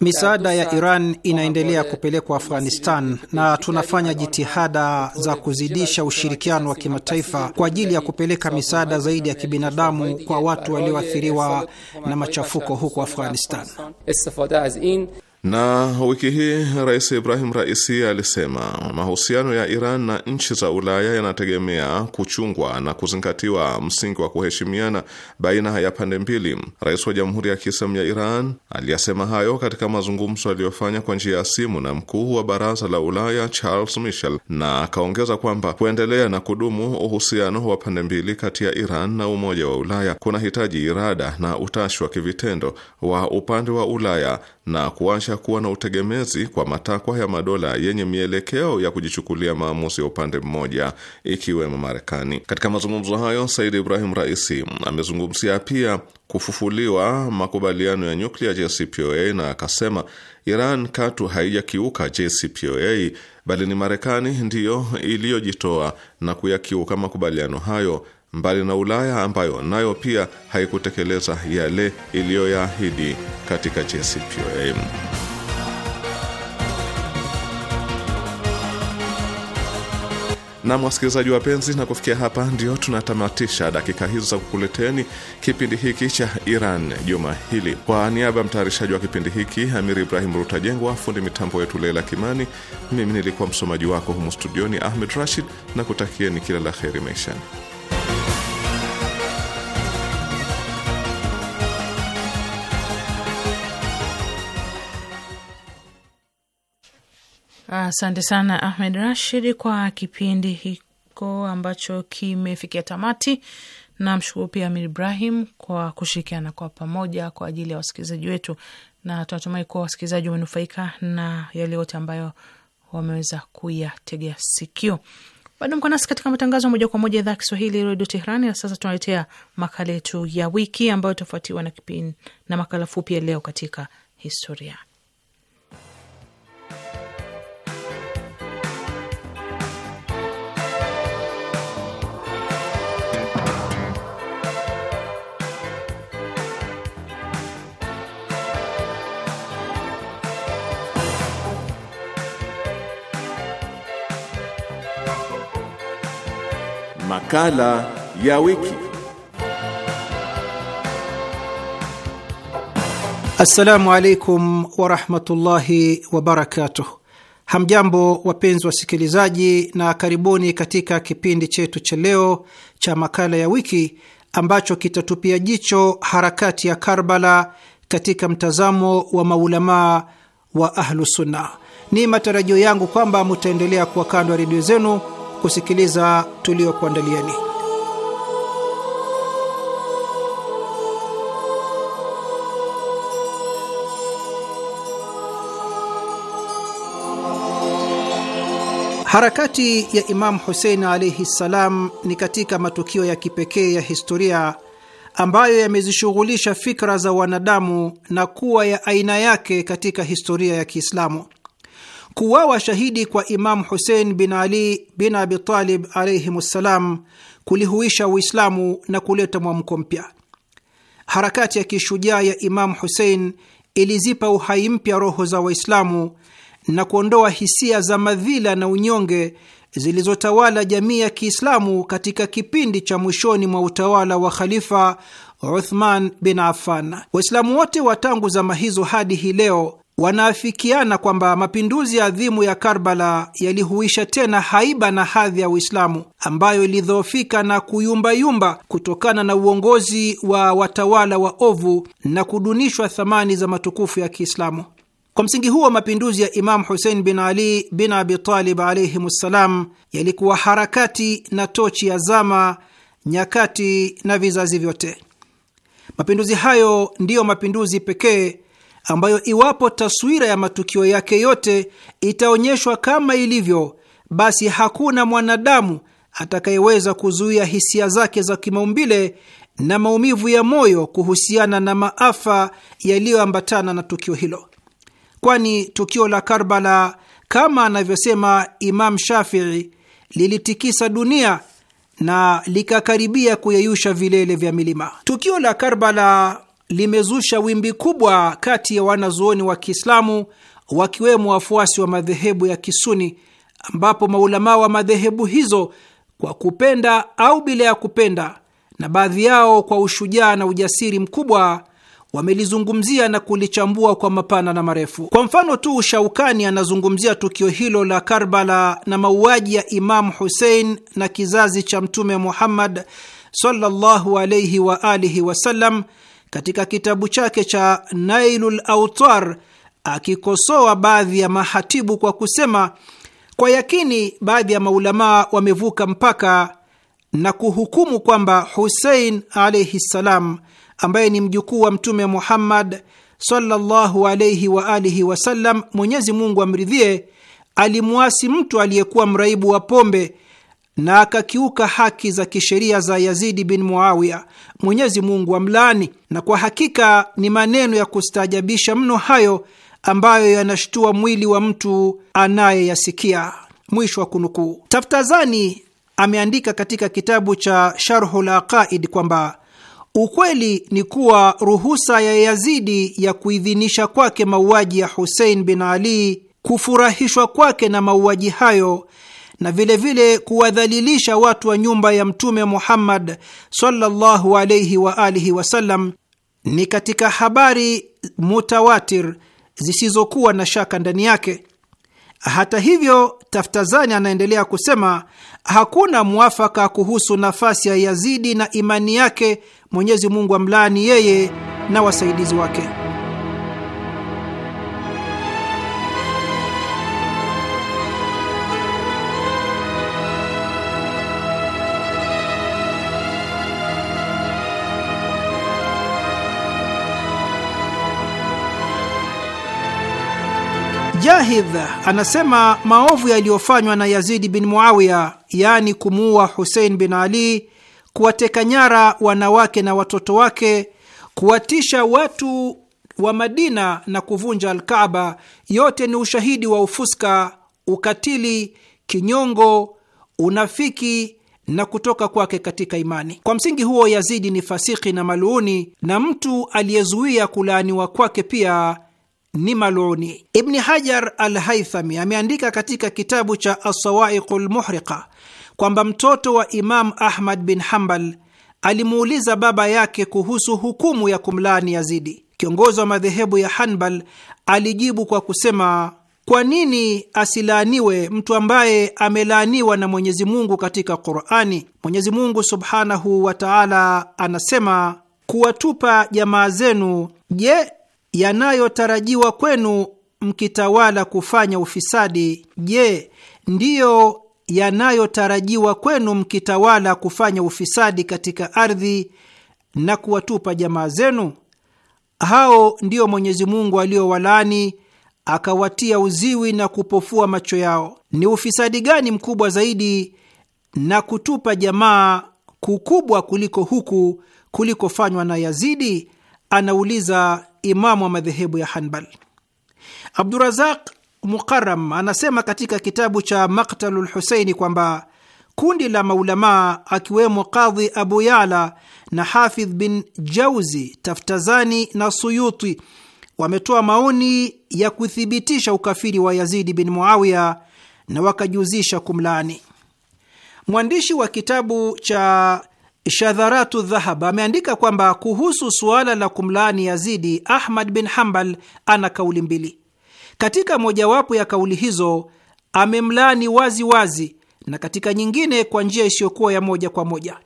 Speaker 4: Misaada ya Iran inaendelea kupelekwa Afghanistan na tunafanya jitihada za kuzidisha ushirikiano wa kimataifa kwa ajili ya kupeleka misaada zaidi ya kibinadamu kwa watu walioathiriwa na machafuko huko Afghanistan.
Speaker 3: Na wiki hii Rais Ibrahim Raisi alisema mahusiano ya Iran na nchi za Ulaya yanategemea kuchungwa na kuzingatiwa msingi wa kuheshimiana baina ya pande mbili. Rais wa Jamhuri ya Kiislamu ya Iran aliyasema hayo katika mazungumzo aliyofanya kwa njia ya simu na mkuu wa Baraza la Ulaya Charles Michel, na akaongeza kwamba kuendelea na kudumu uhusiano wa pande mbili kati ya Iran na Umoja wa Ulaya kuna hitaji irada na utashi wa kivitendo wa upande wa Ulaya na kuacha kuwa na utegemezi kwa matakwa ya madola yenye mielekeo ya kujichukulia maamuzi ya upande mmoja ikiwemo Marekani. Katika mazungumzo hayo, Said Ibrahim Raisi amezungumzia pia kufufuliwa makubaliano ya nyuklia JCPOA na akasema Iran katu haijakiuka JCPOA bali ni Marekani ndiyo iliyojitoa na kuyakiuka makubaliano hayo mbali na Ulaya ambayo nayo pia haikutekeleza yale iliyoyaahidi katika JCPOA. Na wasikilizaji wapenzi, na kufikia hapa ndio tunatamatisha dakika hizo za kukuleteni kipindi hiki cha Iran juma hili. Kwa niaba ya mtayarishaji wa kipindi hiki Amiri Ibrahim Rutajengwa, fundi mitambo yetu Leila Kimani, mimi nilikuwa msomaji wako humu studioni Ahmed Rashid, na kutakieni kila la heri maishani.
Speaker 1: Asante sana Ahmed Rashid kwa kipindi hiko ambacho kimefikia tamati. Namshukuru pia Amir Ibrahim kwa kushirikiana kwa pamoja kwa ajili ya wasikilizaji wetu, na tunatumai kuwa wasikilizaji wamenufaika na yale yote ambayo wameweza kuyategea sikio. Bado mko nasi katika matangazo moja kwa moja idhaa ya Kiswahili redio Teherani. Na sasa tunaletea makala yetu ya wiki ambayo itafuatiwa na kipindi na makala fupi ya leo katika historia.
Speaker 3: Makala ya wiki.
Speaker 4: Assalamu alaikum warahmatullahi wabarakatuh. Hamjambo wapenzi wasikilizaji, na karibuni katika kipindi chetu cha leo cha makala ya wiki ambacho kitatupia jicho harakati ya Karbala katika mtazamo wa maulamaa wa Ahlusunna. Ni matarajio yangu kwamba mutaendelea kuwa kando ya redio zenu kusikiliza tuliokuandalieni. Harakati ya Imamu Husein alaihi ssalam ni katika matukio ya kipekee ya historia ambayo yamezishughulisha fikra za wanadamu na kuwa ya aina yake katika historia ya Kiislamu kuwawa shahidi kwa Imamu Husein bin Ali bin Abitalib alaihim ssalam kulihuisha Uislamu na kuleta mwamko mpya. Harakati ya kishujaa ya Imamu Husein ilizipa uhai mpya roho za Waislamu na kuondoa hisia za madhila na unyonge zilizotawala jamii ya Kiislamu katika kipindi cha mwishoni mwa utawala wa Khalifa Uthman bin Affan. Waislamu wote wa tangu zama hizo hadi hii leo wanaafikiana kwamba mapinduzi adhimu ya Karbala yalihuisha tena haiba na hadhi ya Uislamu ambayo ilidhoofika na kuyumbayumba kutokana na uongozi wa watawala wa ovu na kudunishwa thamani za matukufu ya Kiislamu. Kwa msingi huo mapinduzi ya Imamu Husein bin Ali bin Abitalib alaihim ssalam yalikuwa harakati na tochi ya zama, nyakati na vizazi vyote. Mapinduzi hayo ndiyo mapinduzi pekee ambayo iwapo taswira ya matukio yake yote itaonyeshwa kama ilivyo, basi hakuna mwanadamu atakayeweza kuzuia hisia zake za kimaumbile na maumivu ya moyo kuhusiana na maafa yaliyoambatana na tukio hilo, kwani tukio la Karbala, kama anavyosema Imam Shafii, lilitikisa dunia na likakaribia kuyeyusha vilele vya milima. Tukio la Karbala limezusha wimbi kubwa kati ya wanazuoni wa Kiislamu wakiwemo wafuasi wa madhehebu ya Kisuni, ambapo maulamaa wa madhehebu hizo kwa kupenda au bila ya kupenda, na baadhi yao kwa ushujaa na ujasiri mkubwa wamelizungumzia na kulichambua kwa mapana na marefu. Kwa mfano tu, Shaukani anazungumzia tukio hilo la Karbala na mauaji ya Imamu Husein na kizazi cha Mtume Muhammad sallallahu alaihi wa alihi wasallam katika kitabu chake cha Nailul Autar akikosoa baadhi ya mahatibu kwa kusema, kwa yakini baadhi ya maulamaa wamevuka mpaka na kuhukumu kwamba Husein alaihi ssalam ambaye ni mjukuu wa Mtume Muhammad sallallahu alaihi wa alihi wasallam, Mwenyezi Mungu amridhie, alimwasi mtu aliyekuwa mraibu wa pombe na akakiuka haki za kisheria za Yazidi bin Muawiya, Mwenyezi Mungu amlani. Na kwa hakika ni maneno ya kustaajabisha mno hayo ambayo yanashtua mwili wa mtu anayeyasikia. Mwisho wa kunukuu. Taftazani ameandika katika kitabu cha Sharhul Aqaid kwamba ukweli ni kuwa ruhusa ya Yazidi ya kuidhinisha kwake mauaji ya Husein bin Ali, kufurahishwa kwake na mauaji hayo na vilevile kuwadhalilisha watu wa nyumba ya Mtume Muhammad sallallahu alayhi wa alihi wasallam ni katika habari mutawatir zisizokuwa na shaka ndani yake. Hata hivyo, Taftazani anaendelea kusema hakuna mwafaka kuhusu nafasi ya Yazidi na imani yake. Mwenyezi Mungu amlaani yeye na wasaidizi wake. Nahidh anasema maovu yaliyofanywa na Yazidi bin Muawiya, yaani kumuua Husein bin Ali, kuwateka nyara wanawake na watoto wake, kuwatisha watu wa Madina na kuvunja Alkaaba, yote ni ushahidi wa ufuska, ukatili, kinyongo, unafiki na kutoka kwake katika imani. Kwa msingi huo, Yazidi ni fasiki na maluuni, na mtu aliyezuia kulaaniwa kwake pia ni maluni. Ibni Hajar al Haithami ameandika katika kitabu cha Assawaiqu lmuhriqa kwamba mtoto wa Imam Ahmad bin Hambal alimuuliza baba yake kuhusu hukumu ya kumlaani Yazidi. Kiongozi wa madhehebu ya Hanbal alijibu kwa kusema, kwa nini asilaaniwe mtu ambaye amelaaniwa na Mwenyezi Mungu katika Qurani? Mwenyezi Mungu subhanahu wa taala anasema, kuwatupa jamaa zenu, je, yanayotarajiwa kwenu mkitawala kufanya ufisadi? Je, ndiyo yanayotarajiwa kwenu mkitawala kufanya ufisadi katika ardhi na kuwatupa jamaa zenu? Hao ndiyo Mwenyezi Mungu akawatia uziwi na kupofua macho yao. Ni ufisadi gani mkubwa zaidi na kutupa jamaa kukubwa kuliko huku kulikofanywa na Yazidi? Anauliza imamu wa madhehebu ya Hanbal. Abdurazaq Muqaram anasema katika kitabu cha Maktalu lhuseini kwamba kundi la maulamaa akiwemo Qadhi Abu Yala na Hafidh bin Jauzi, Taftazani na Suyuti wametoa maoni ya kuthibitisha ukafiri wa Yazidi bin Muawiya na wakajuzisha kumlaani. Mwandishi wa kitabu cha Shadharatu Dhahab ameandika kwamba kuhusu suala la kumlaani Yazidi, Ahmad bin Hambal ana kauli mbili. Katika mojawapo ya kauli hizo amemlaani wazi wazi, na katika nyingine kwa njia isiyokuwa ya moja kwa moja.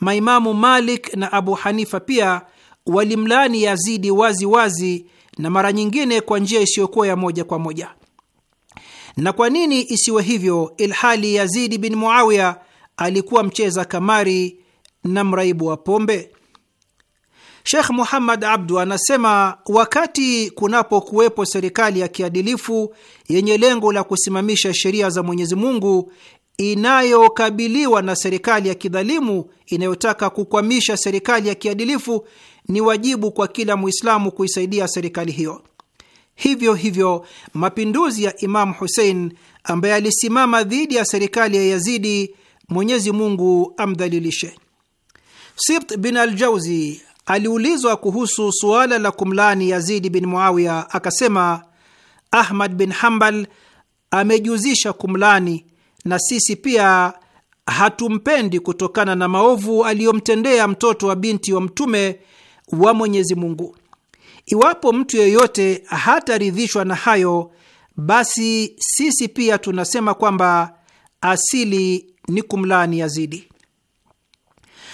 Speaker 4: Maimamu Malik na Abu Hanifa pia walimlaani Yazidi wazi wazi na mara nyingine kwa njia isiyokuwa ya moja kwa moja. Na kwa nini isiwe hivyo, ilhali Yazidi bin Muawiya alikuwa mcheza kamari na mraibu wa pombe? Sheikh Muhammad Abdu anasema wakati kunapokuwepo serikali ya kiadilifu yenye lengo la kusimamisha sheria za Mwenyezi Mungu inayokabiliwa na serikali ya kidhalimu inayotaka kukwamisha serikali ya kiadilifu, ni wajibu kwa kila Muislamu kuisaidia serikali hiyo. Hivyo hivyo mapinduzi ya Imamu Husein ambaye alisimama dhidi ya serikali ya Yazidi, Mwenyezi Mungu amdhalilishe. Sibt bin al jauzi aliulizwa kuhusu suala la kumlani Yazidi bin Muawiya, akasema Ahmad bin Hambal amejuzisha kumlani, na sisi pia hatumpendi kutokana na maovu aliyomtendea mtoto wa binti wa Mtume wa Mwenyezi Mungu. Iwapo mtu yeyote hataridhishwa na hayo, basi sisi pia tunasema kwamba asili ni kumlani Yazidi.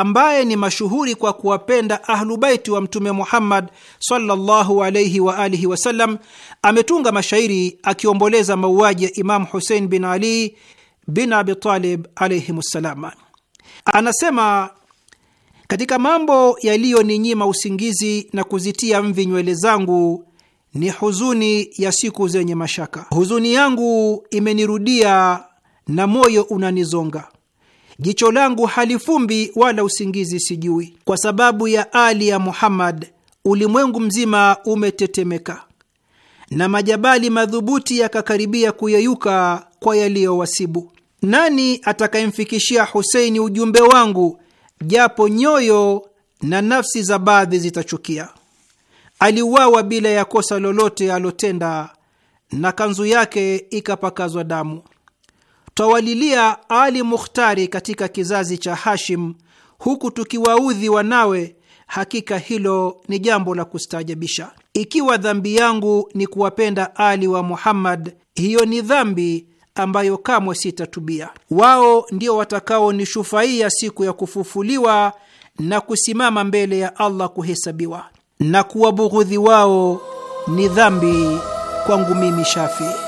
Speaker 4: ambaye ni mashuhuri kwa kuwapenda Ahlubaiti wa Mtume Muhammad sallallahu alaihi wa alihi wasallam, ametunga mashairi akiomboleza mauaji ya Imamu Husein bin Ali bin Abitalib alaihim ssalam. Anasema, katika mambo yaliyoninyima usingizi na kuzitia mvi nywele zangu ni huzuni ya siku zenye mashaka. Huzuni yangu imenirudia na moyo unanizonga jicho langu halifumbi wala usingizi sijui. Kwa sababu ya Ali ya Muhammad ulimwengu mzima umetetemeka na majabali madhubuti yakakaribia kuyeyuka kwa yaliyowasibu. Nani atakayemfikishia Huseini ujumbe wangu, japo nyoyo na nafsi za baadhi zitachukia? Aliuawa bila ya kosa lolote alotenda, na kanzu yake ikapakazwa damu twawalilia Ali Mukhtari katika kizazi cha Hashim huku tukiwaudhi wanawe. Hakika hilo ni jambo la kustaajabisha. Ikiwa dhambi yangu ni kuwapenda Ali wa Muhammad, hiyo ni dhambi ambayo kamwe sitatubia. Wao ndio watakaonishufaia siku ya kufufuliwa na kusimama mbele ya Allah kuhesabiwa, na kuwabughudhi wao ni dhambi kwangu mimi Shafii.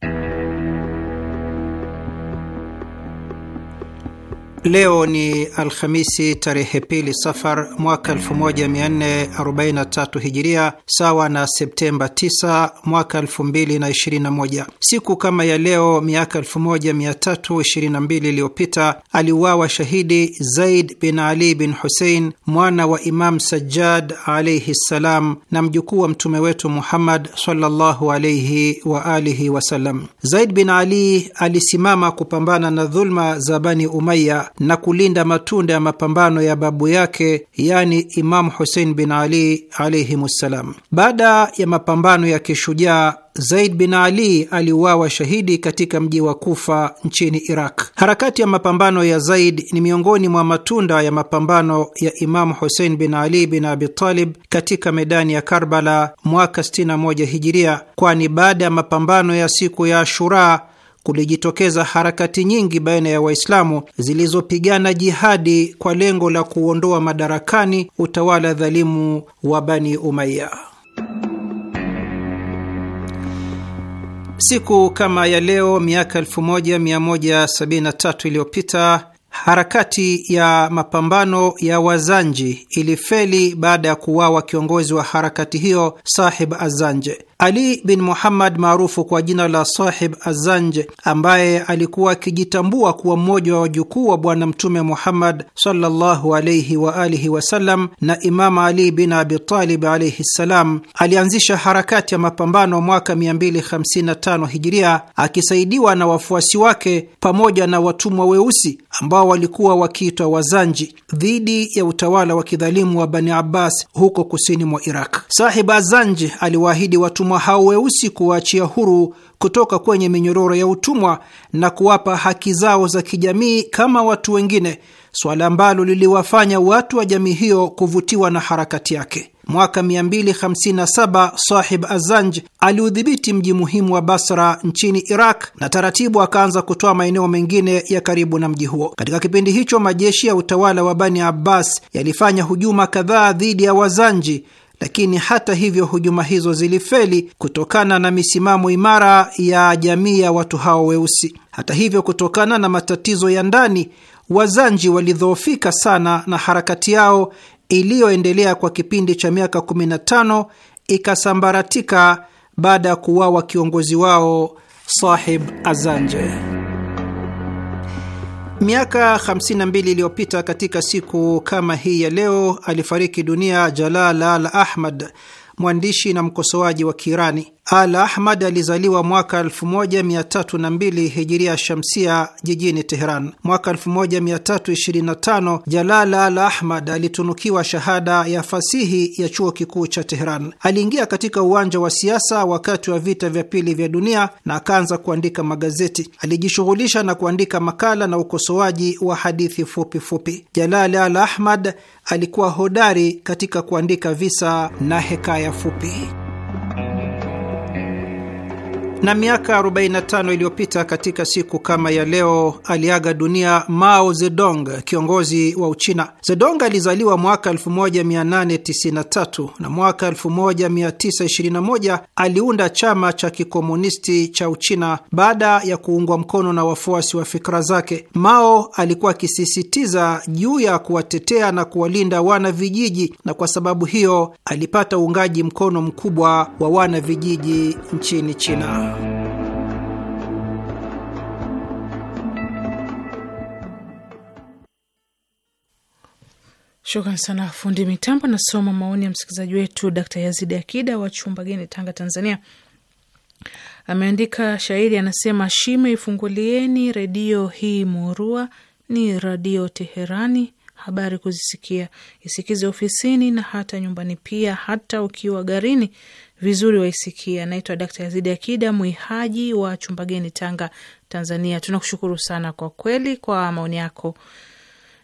Speaker 4: Leo ni Alhamisi tarehe pili Safar mwaka 1443 Hijiria, sawa na Septemba 9 mwaka 2021. Siku kama ya leo miaka 1322 iliyopita aliuawa shahidi Zaid bin Ali bin Hussein, mwana wa Imam Sajjad alaihi ssalam, na mjukuu wa mtume wetu Muhammad sallallahu alaihi wa alihi wasallam. Zaid bin Ali alisimama kupambana na dhulma za Bani Umaya na kulinda matunda ya mapambano ya babu yake, yani Imamu Husein bin Ali alaihimussalam. Baada ya mapambano ya kishujaa Zaid bin Ali aliuawa shahidi katika mji wa Kufa nchini Iraq. Harakati ya mapambano ya Zaid ni miongoni mwa matunda ya mapambano ya Imamu Husein bin Ali bin Abi Talib katika medani ya Karbala mwaka 61 Hijiria, kwani baada ya mapambano ya siku ya Ashura kulijitokeza harakati nyingi baina ya Waislamu zilizopigana jihadi kwa lengo la kuondoa madarakani utawala dhalimu wa Bani Umaya. Siku kama ya leo miaka 1173 iliyopita harakati ya mapambano ya Wazanji ilifeli baada ya kuwawa kiongozi wa harakati hiyo Sahib Azanje. Ali bin Muhammad maarufu kwa jina la Sahib Azanj, ambaye alikuwa akijitambua kuwa mmoja wa wajukuu wa Bwana Mtume Muhammad sallallahu alaihi wa alihi wasallam na Imam Ali bin Abitalib alaihi ssalam, alianzisha harakati ya mapambano mwaka 255 Hijiria, akisaidiwa na wafuasi wake pamoja na watumwa weusi ambao walikuwa wakiitwa Wazanji dhidi ya utawala wa kidhalimu wa Bani Abbas huko kusini mwa Iraq. Sahib Azanj aliwaahidi watumwa watumwa hao weusi kuwaachia huru kutoka kwenye minyororo ya utumwa na kuwapa haki zao za kijamii kama watu wengine, suala ambalo liliwafanya watu wa jamii hiyo kuvutiwa na harakati yake. Mwaka 257 Sahib Azanj aliudhibiti mji muhimu wa Basra nchini Iraq na taratibu akaanza kutoa maeneo mengine ya karibu na mji huo. Katika kipindi hicho, majeshi ya utawala wa Bani Abbas yalifanya hujuma kadhaa dhidi ya Wazanji lakini hata hivyo hujuma hizo zilifeli kutokana na misimamo imara ya jamii ya watu hao weusi. Hata hivyo, kutokana na matatizo ya ndani, Wazanji walidhoofika sana na harakati yao iliyoendelea kwa kipindi cha miaka 15 ikasambaratika baada ya kuuawa kiongozi wao Sahib Azanje. Miaka 52 iliyopita katika siku kama hii ya leo alifariki dunia Jalal al Ahmad, mwandishi na mkosoaji wa Kiirani. Al Ahmad alizaliwa mwaka 1302 hijiria shamsia jijini Teheran. Mwaka 1325 Jalal Al Ahmad alitunukiwa shahada ya fasihi ya chuo kikuu cha Teheran. Aliingia katika uwanja wa siasa wakati wa vita vya pili vya dunia na akaanza kuandika magazeti. Alijishughulisha na kuandika makala na ukosoaji wa hadithi fupi fupi. Jalal Al Ahmad alikuwa hodari katika kuandika visa na hekaya fupi. Na miaka 45 iliyopita katika siku kama ya leo aliaga dunia Mao Zedong, kiongozi wa Uchina. Zedong alizaliwa mwaka 1893 na mwaka 1921 aliunda chama cha kikomunisti cha Uchina baada ya kuungwa mkono na wafuasi wa fikra zake. Mao alikuwa akisisitiza juu ya kuwatetea na kuwalinda wana vijiji, na kwa sababu hiyo alipata uungaji mkono mkubwa wa wana vijiji nchini China.
Speaker 1: Shukran sana fundi mitambo. Nasoma maoni ya msikilizaji wetu Dakta Yazidi Akida wa chumba geni, Tanga, Tanzania. Ameandika shairi, anasema: shime ifungulieni redio hii murua, ni radio Teherani, habari kuzisikia, isikize ofisini na hata nyumbani, pia hata ukiwa garini vizuri waisikia. Naitwa Dakta Yazidi Akida Mwihaji wa Chumbageni, Tanga, Tanzania. Tunakushukuru sana kwa kweli kwa maoni yako.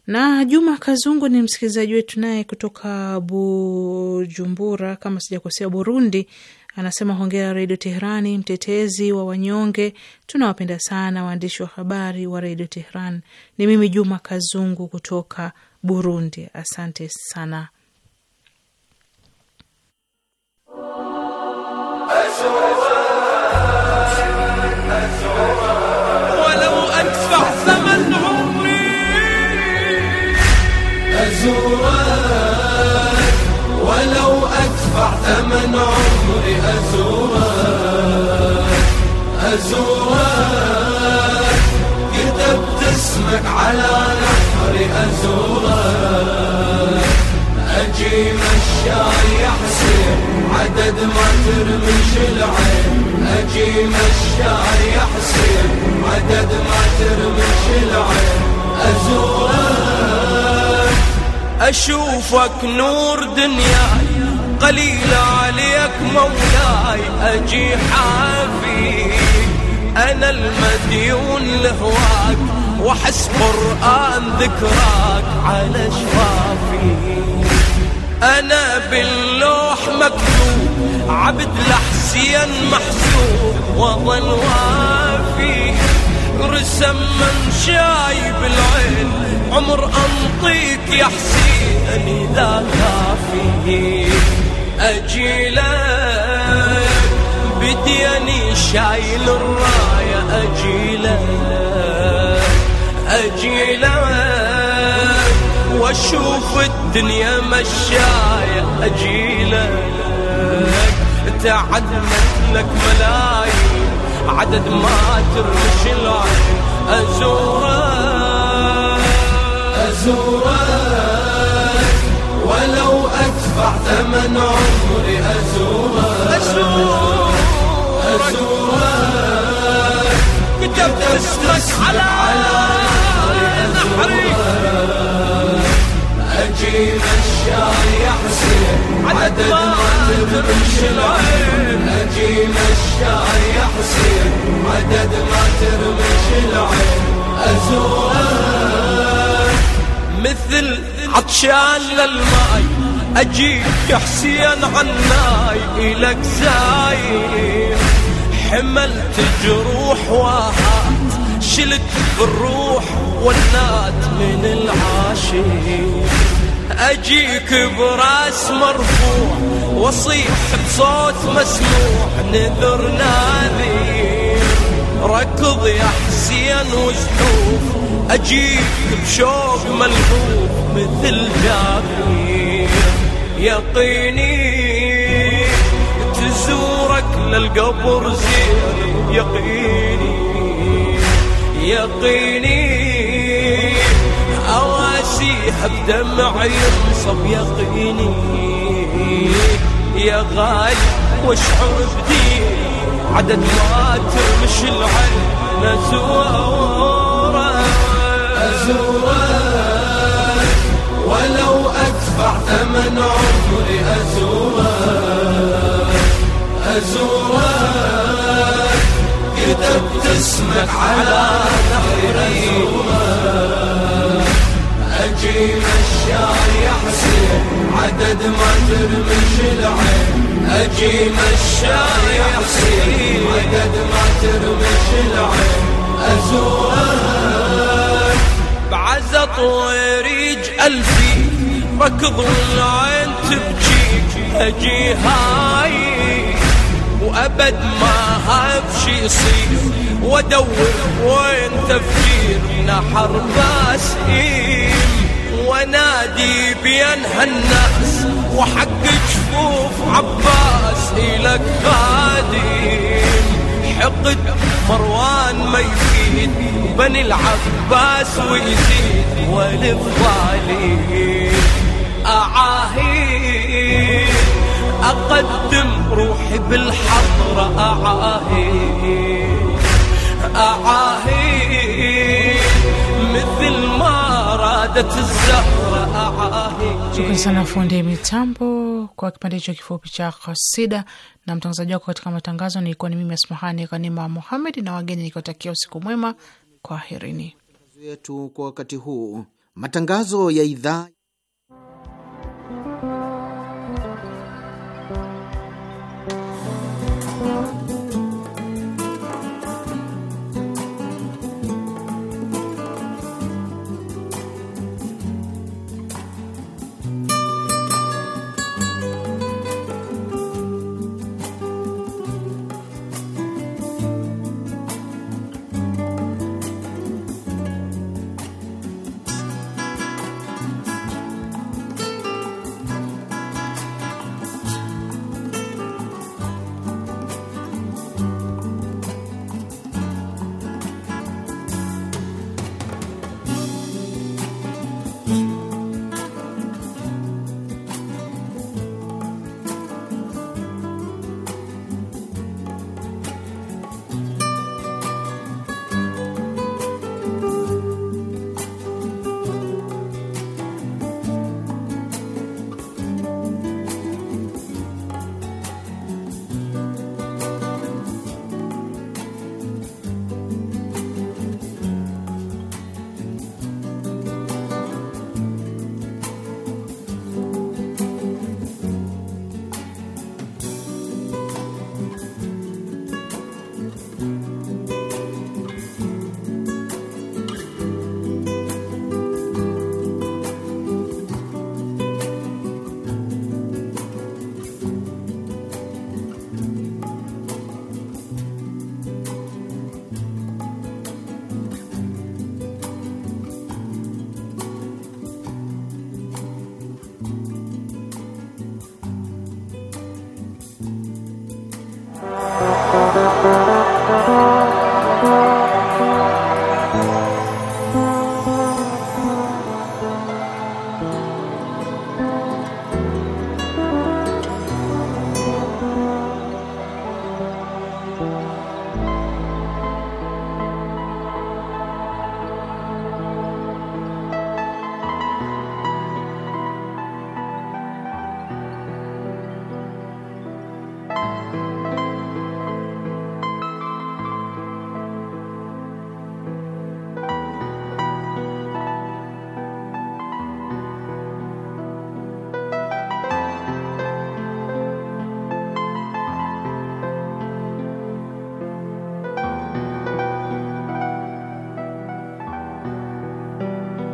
Speaker 1: Na Juma Kazungu ni msikilizaji wetu naye kutoka Bujumbura, kama sijakosea, Burundi. Anasema hongera Redio Teherani, mtetezi wa wanyonge. Tunawapenda sana waandishi wa habari wa Redio Teheran. Ni mimi Juma Kazungu kutoka Burundi. Asante sana.
Speaker 6: ولو أدفع ثمن عمري أزورك ولو أدفع ثمن عمري أزورك أزورك كتبت اسمك على نحري أزورك أجي مشايح عدد ما ترمش العين أجيم الشعر يا حسين عدد ما ترمش العين أزورك أشوفك نور دنياي قليل عليك مولاي أجي حافيك أنا المديون لهواك وحس قرآن ذكراك على شفافي أنا باللوح مكتوب عبد لحسين محسوب وظل وافي رسم من شايب العين عمر أنطيك يا حسين إذا كافي أجيلك بدياني شايل الراية أجي أجيلك واشوف الدنيا مشاية اجيلك تعدمت لك ملايين عدد ما ترش العين ازورك ازورك ولو ادفع ثمن عمري ازورك ازورك ازورك كتبت اسمك على عدد ما العين مثل عطشان للماي أجيب يا حسين عناي إلك زايد حملت جروح واهات شلت بالروح والنات من العاشق اجيك براس مرفوع واصيح بصوت مسموع نذر ناذير ركض يا حسين وجنوب اجيك بشوق ملحوظ مثل جابير يقيني تزورك للقبر زين يقيني يقيني اواسيح دمع ينصب يقيني يا غالي واشعر بدي عدد ما مش العلم أزوره أزوره ولو أدفع ثمن عمري أزوره أزوره كتبت اسمك على نحري أزوره تجيب الشار يا حسين عدد ما ترمش العين أجيب الشار يا حسين عدد ما ترمش العين أزورك بعز طويريج ألفي ركض العين تبجيك أجي هاي وأبد ما هاب شي يصير وأدور وين تفجير نحر باسئين وانادي بين هالناس وحق جفوف عباس الك غادي حقد مروان ما يفيد بني العباس ويزيد والف بالي اعاهيد اقدم روحي بالحضره اعاهيد اعاهيد Shukrani sana
Speaker 1: fundi mitambo kwa kipande hicho kifupi cha kasida. Na mtangazaji wako katika matangazo nilikuwa ni mimi Asmahani Ghanima Muhamed, na wageni nikiwatakia usiku mwema, kwaherini
Speaker 4: yetu kwa wakati
Speaker 7: huu matangazo ya idhaa